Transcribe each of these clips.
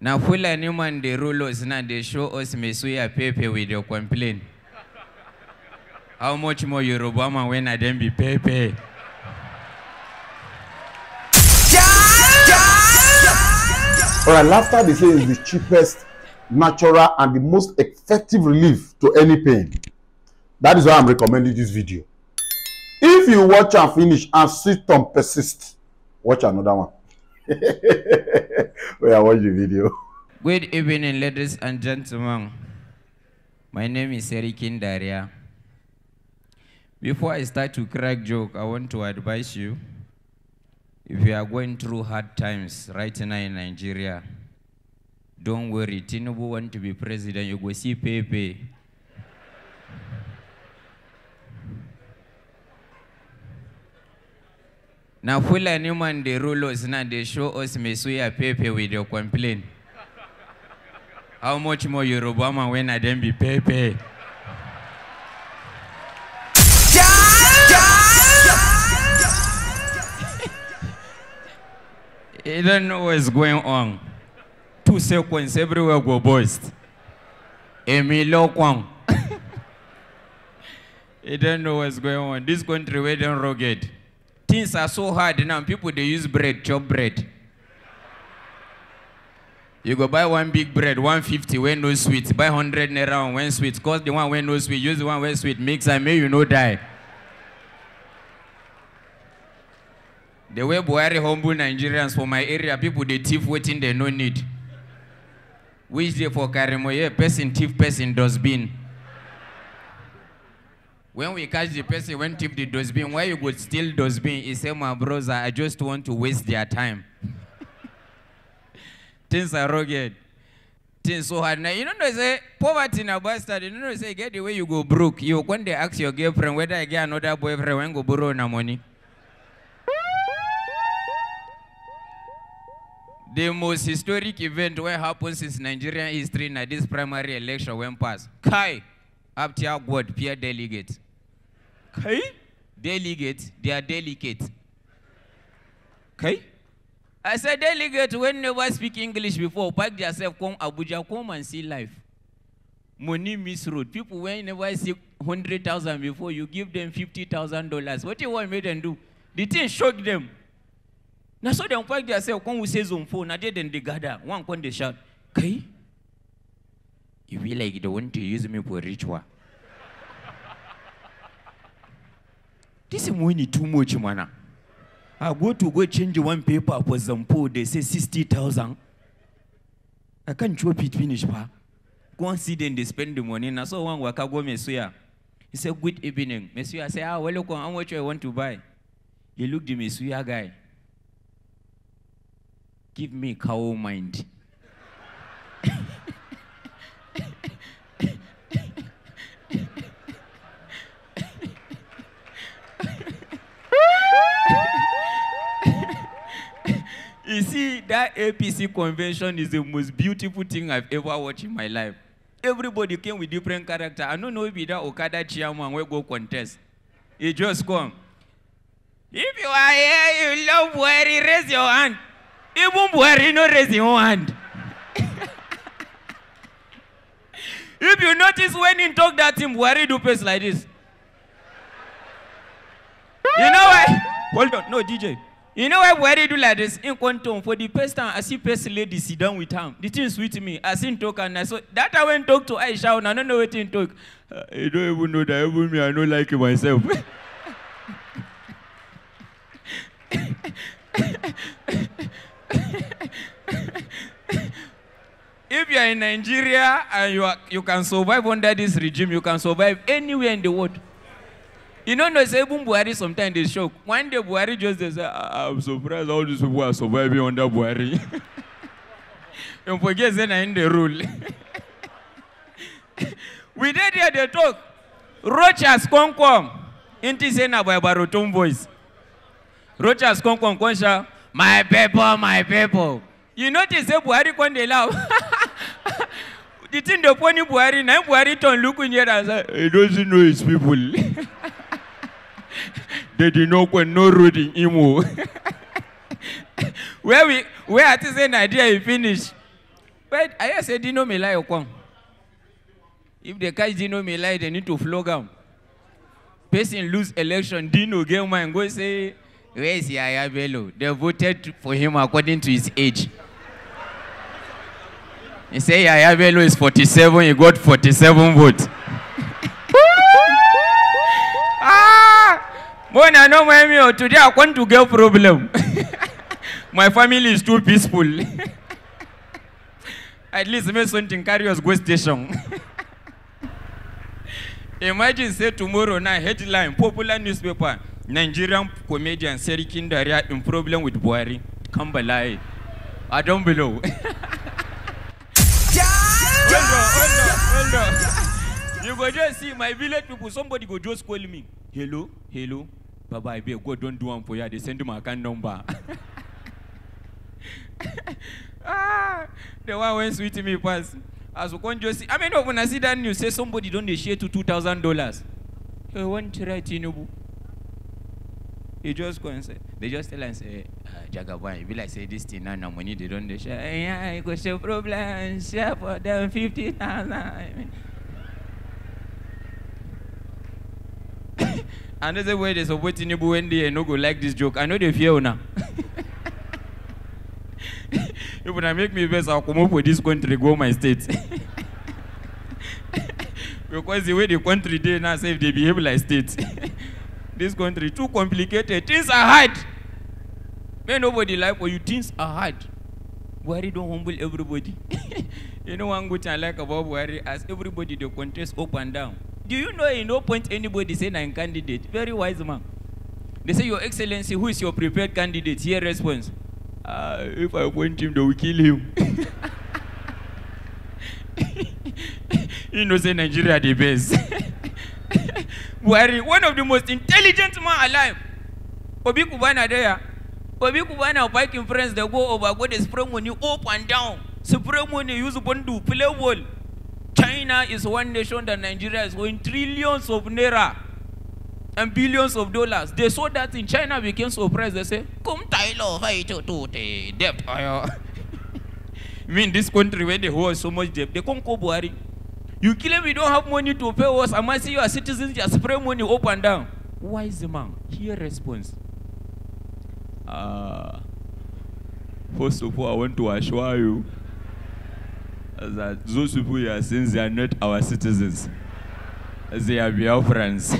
na fulani man dey rule us now dey show us mesuya pepe we dey complain how much more yoruba man wey na dem be pepe. Alright, laughter they say is the cheapest, natural, and the most effective relief to any pain. That is why I'm recommending this video. If you watch and finish and symptom persist, watch another one. Wait, I watch the video. Good evening, ladies and gentlemen. My name is Eric Daria. Before I start to crack joke, I want to advise you, if you are going through hard times right now in Nigeria, don't worry, Tinubu want to be president, you go see Pepe of new man the rule us now, they show us Mesuya Pepe with your complaint. How much more you man when I then be Pepe? you don't know what's going on. Two seconds everywhere go burst. Emilio Kwang. you don't know what's going on. This country, we don't rugged. Things are so hard now. People, they use bread, chop bread. You go buy one big bread, 150, when no sweet. Buy 100 naira on when sweet. Cause the one when no sweet. Use the one when sweet. Mix and may you no die. The way Buhari humble Nigerians for my area, people they thief waiting they no need. Which day for Karimoye, person thief, person does dustbin. When we catch the person, when tip the dosbin, why you could steal dosbin? He say, my brother, I just want to waste their time. Things are rugged. Things so hard. Now, you don't know, say, poverty in a bastard. You don't know, say, get the way you go broke. You when they ask your girlfriend whether I get another boyfriend, when go borrow na money. the most historic event where happened since Nigerian history in this primary election when past. Kai, up to our God, peer delegate. Okay. delegate they are delicate Okay. I said, delegate, when never speak English before, pack yourself, come Abuja, come and see life. Money misroad. People, when never see 100,000 before, you give them $50,000. What do you want me to do? The thing shock them. Now, so they pack yourself come we say zone four, now they then they gather. One, come they shout, Okay. you feel like they want to use me for ritual. This money too much, man. I go to go change one paper, for example, they say 60,000. I can't chop it finish, pa. Go and see them, they spend the money. And I saw one worker go, Messiah. He said, good evening. Messiah I said, ah, well, look, how much I want to buy? He looked the Messiah guy. Give me cow mind. you see, that APC convention is the most beautiful thing I've ever watched in my life. Everybody came with different character. I don't know if that Okada chairman will go contest. He just come. If you are here, you love Buhari, raise your hand. Even Buhari no raise your hand. if you notice when he talk that him, Buhari do face like this. You know what? Hold on. No, DJ. You know why they do like this? In quantum, for the first time, I see first lady sit down with him. The thing sweet me. I seen talk and I saw that I went talk to Aisha and I don't know what in talk. You I don't even know that even me, I don't like it myself. if you are in Nigeria and you, are, you can survive under this regime, you can survive anywhere in the world. You know, they say, even Buhari sometimes they shock. One day Buhari just they say, ah, ah, I'm surprised all these people are surviving under Buhari. you forget then I in the rule. we did hear the talk. Rochas Konkom. Inti na by barotum voice. Rochas Konkom Konsha. My people, my people. You notice say when they laugh. the thing the pony Buhari, now Buhari don't look in here and say, he doesn't know his people. they did not go no road in Imo. where we where at say Nigeria you finish. But I just say Dino Melai Okong. If they catch Dino lie, they need to flog him. Person lose election, Dino get mine, go say, where is Yaya Bello? They voted for him according to his age. He say Yaya Bello is 47, he got 47 votes. Mona, no, my today I want to get problem. my family is too peaceful. At least me something carry go station. Imagine say tomorrow now headline popular newspaper Nigerian comedian Serikin Daria in problem with Buhari. Come balai. I don't below. hold on, hold on, hold You go just see my village people, somebody go just call me. Hello, hello, Baba, I beg God don't do one for you. They send you my account number. ah, the one went sweet me pass. As we can just see, I mean, when I see that news, say somebody don't share to two thousand dollars. He won't in you. He just go and say, they just tell and say, uh, ah, Jagaban, you be like say this thing now, now money they don't share. Eh, yeah, I go share problem, share for them fifty thousand. And that's where there's oh, a in Tinubu when they no go like this joke. I know they fear now. if I make me best, I'll come up with this country, go my state. because the way the country did now say if they behave like states. this country too complicated. Things are hard. May nobody like for you. Things are hard. Worry don't humble everybody. you know one good thing I like about worry as everybody the contest up and down. Do you know in no point anybody say I'm candidate? Very wise man. They say, Your Excellency, who is your prepared candidate? Here response. Ah, if I appoint him, they will kill him. you know, say Nigeria the best. Buhari, one of the most intelligent man alive. Obi Kubana there. Obi Kubana biking friends, they go over, go they spray money up and down. Spray money, use bandu, play ball. China is one nation that Nigeria is going trillions of naira and billions of dollars. They saw that in China became surprised. They say, Tyler, fight to debt. I uh, mean, this country where they hold so much debt, they come Buhari. You claim we don't have money to pay us, Am I see you are citizens just spray money up and down. Wise man, here response. Uh, first of all, I want to assure you that those people you are saying they are not our citizens. They are friends.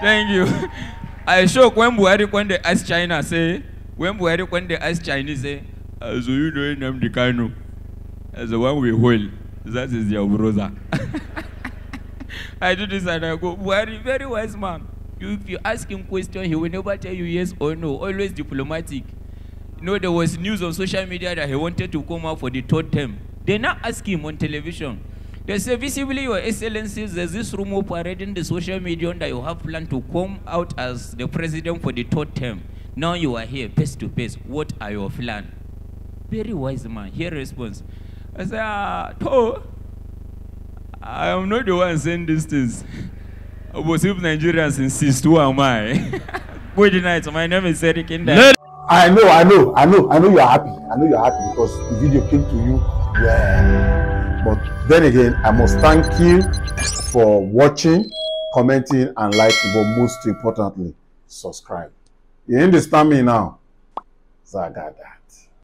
Thank you. I show when are when they ask China say, when are when they ask Chinese say, as you know them the Kano. As the one we hold. That is your brother. I do this and I go, Very, very wise man you, if you ask him question, he will never tell you yes or no, always diplomatic. You know, there was news on social media that he wanted to come out for the third term. They now ask him on television. They say, visibly, Your Excellencies, there's this rumor parading the social media that you have planned to come out as the president for the third term. Now you are here, face to face. What are your plan? Very wise man. Here response. I say, ah, oh, I am not the one saying these things. Obosip Nigerians insist, who am I? Good night, my name is Eric Inda. I know, I know, I know, I know you are happy. I know you are happy because the video came to you. Yeah. But then again, I must thank you for watching, commenting, and liking, but most importantly, subscribe. You understand me now? Zagada.